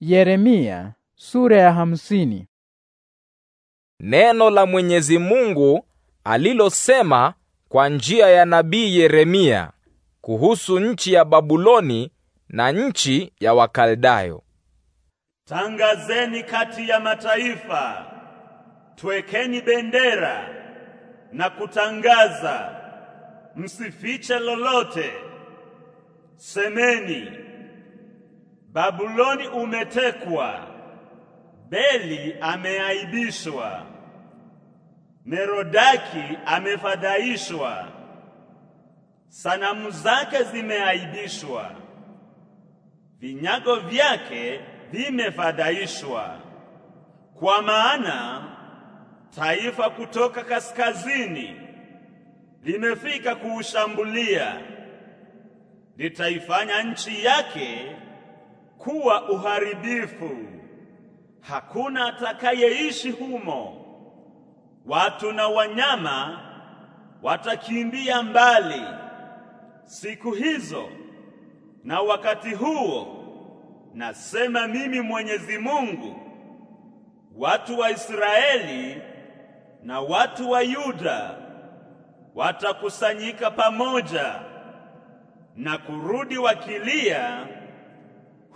Yeremia sura ya hamsini. Neno la Mwenyezi Mungu alilosema kwa njia ya nabii Yeremia kuhusu nchi ya Babuloni na nchi ya Wakaldayo. Tangazeni kati ya mataifa, twekeni bendera na kutangaza, msifiche lolote. Semeni, Babuloni umetekwa, Beli ameaibishwa, Merodaki amefadhaishwa, sanamu zake zimeaibishwa, vinyago vyake vimefadhaishwa. Kwa maana taifa kutoka kaskazini limefika kuushambulia, litaifanya nchi yake kuwa uharibifu, hakuna atakayeishi humo. Watu na wanyama watakimbia mbali siku hizo na wakati huo. Nasema mimi Mwenyezi Mungu, watu wa Israeli na watu wa Yuda watakusanyika pamoja na kurudi wakilia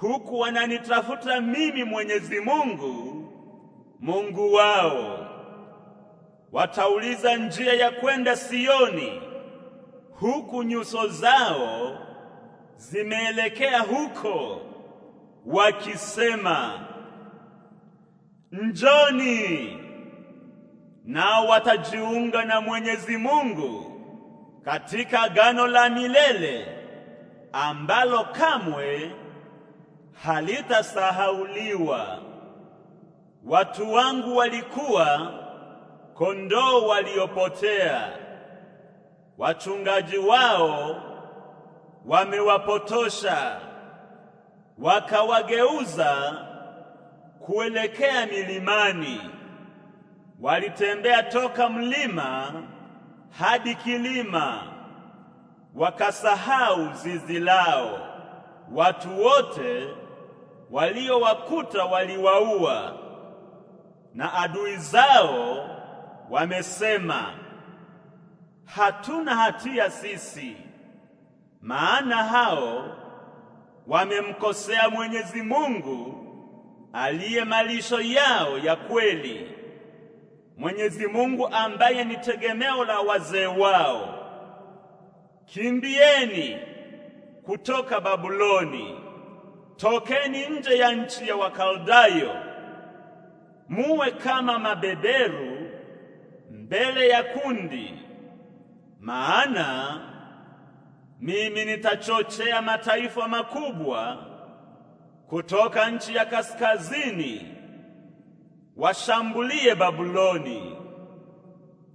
huku wananitafuta mimi Mwenyezi Mungu, Mungu wao. Watauliza njia ya kwenda Sioni, huku nyuso zao zimeelekea huko, wakisema njoni. Nao watajiunga na Mwenyezi Mungu katika gano la milele ambalo kamwe halitasahauliwa. Watu wangu walikuwa kondoo waliopotea, wachungaji wao wamewapotosha, wakawageuza kuelekea milimani. Walitembea toka mlima hadi kilima, wakasahau zizi lao. Watu wote waliowakuta waliwaua, na adui zao wamesema, hatuna hatia sisi, maana hao wamemkosea Mwenyezi Mungu aliye malisho yao ya kweli, Mwenyezi Mungu ambaye ni tegemeo la wazee wao. Kimbieni kutoka Babuloni tokeni nje ya nchi ya Wakaldayo, muwe kama mabeberu mbele ya kundi, maana mimi nitachochea mataifa makubwa kutoka nchi ya kaskazini washambulie Babuloni.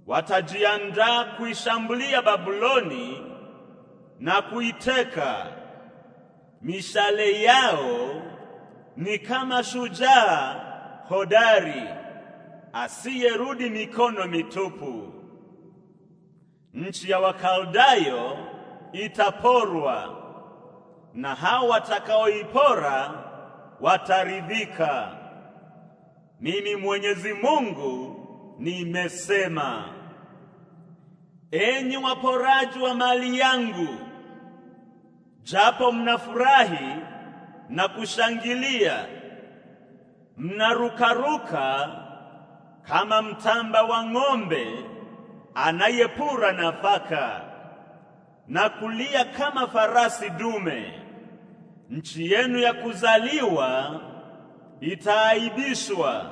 Watajiandaa kuishambulia Babuloni na kuiteka mishale yao ni kama shujaa hodari asiyerudi mikono mitupu. Nchi ya Wakaldayo itaporwa na hao watakaoipora wataridhika. Mimi Mwenyezi Mungu nimesema. Enyi waporaji wa mali yangu, japo mnafurahi na kushangilia, mnarukaruka kama mtamba wa ng'ombe anayepura nafaka na kulia kama farasi dume. Nchi yenu ya kuzaliwa itaaibishwa,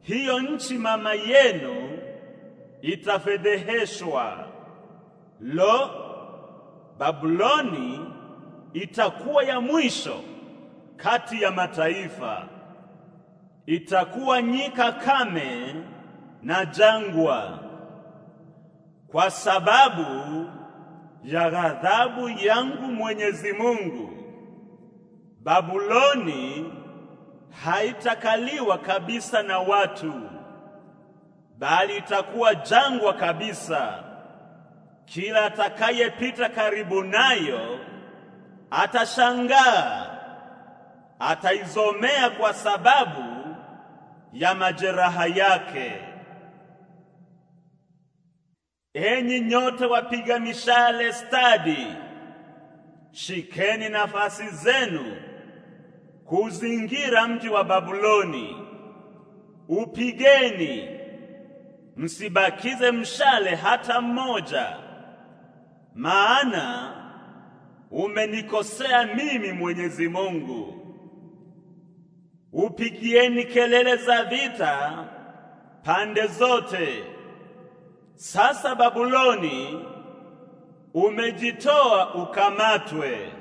hiyo nchi mama yenu itafedheheshwa. Lo, Babuloni itakuwa ya mwisho kati ya mataifa, itakuwa nyika kame na jangwa, kwa sababu ya ghadhabu yangu Mwenyezi Mungu. Babuloni haitakaliwa kabisa na watu, bali itakuwa jangwa kabisa. Kila atakayepita karibu nayo atashangaa, ataizomea kwa sababu ya majeraha yake. Enyi nyote wapiga mishale stadi, shikeni nafasi zenu kuzingira mji wa Babuloni, upigeni, msibakize mshale hata mmoja maana umenikosea mimi Mwenyezi Mungu. Upigieni kelele za vita pande zote. Sasa Babuloni umejitoa ukamatwe,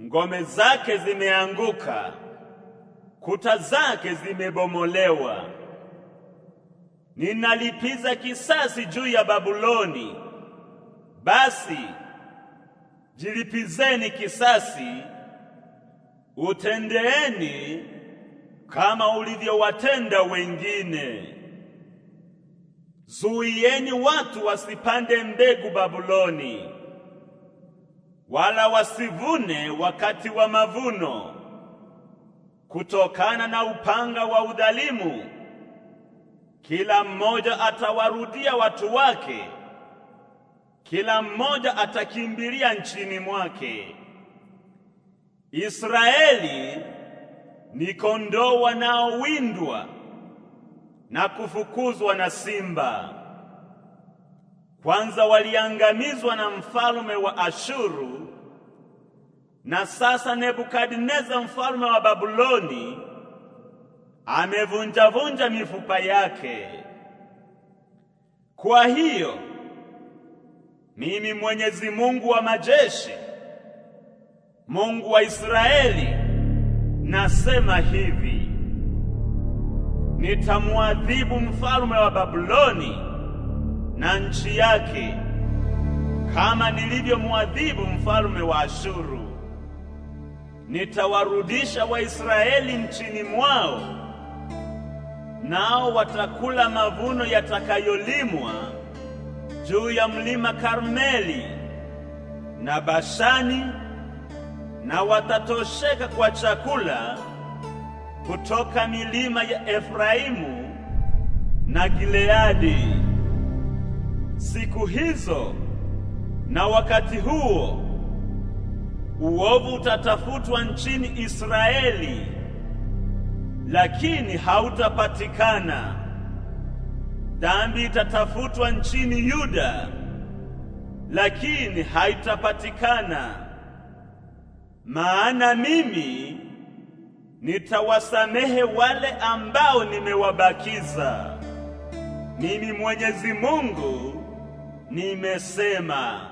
ngome zake zimeanguka, kuta zake zimebomolewa. Ninalipiza kisasi juu ya Babuloni basi jilipizeni kisasi, utendeeni kama ulivyowatenda wengine. Zuieni watu wasipande mbegu Babuloni, wala wasivune wakati wa mavuno, kutokana na upanga wa udhalimu. Kila mmoja atawarudia watu wake kila mmoja atakimbilia nchini mwake. Israeli ni kondoo wanaowindwa na kufukuzwa na simba. Kwanza waliangamizwa na mfalme wa Ashuru, na sasa Nebukadneza mfalme wa Babuloni amevunja-vunja mifupa yake. Kwa hiyo mimi Mwenyezi Mungu wa majeshi, Mungu wa Israeli, nasema hivi: nitamwadhibu mfalme wa Babuloni na nchi yake kama nilivyomwadhibu mfalme wa Ashuru. Nitawarudisha Waisraeli nchini mwao, nao watakula mavuno yatakayolimwa juu ya mlima Karmeli na Bashani, na watatosheka kwa chakula kutoka milima ya Efraimu na Gileadi. Siku hizo na wakati huo uovu utatafutwa nchini Israeli, lakini hautapatikana. Dhambi itatafutwa nchini Yuda, lakini haitapatikana, maana mimi nitawasamehe wale ambao nimewabakiza. Mimi Mwenyezi Mungu nimesema.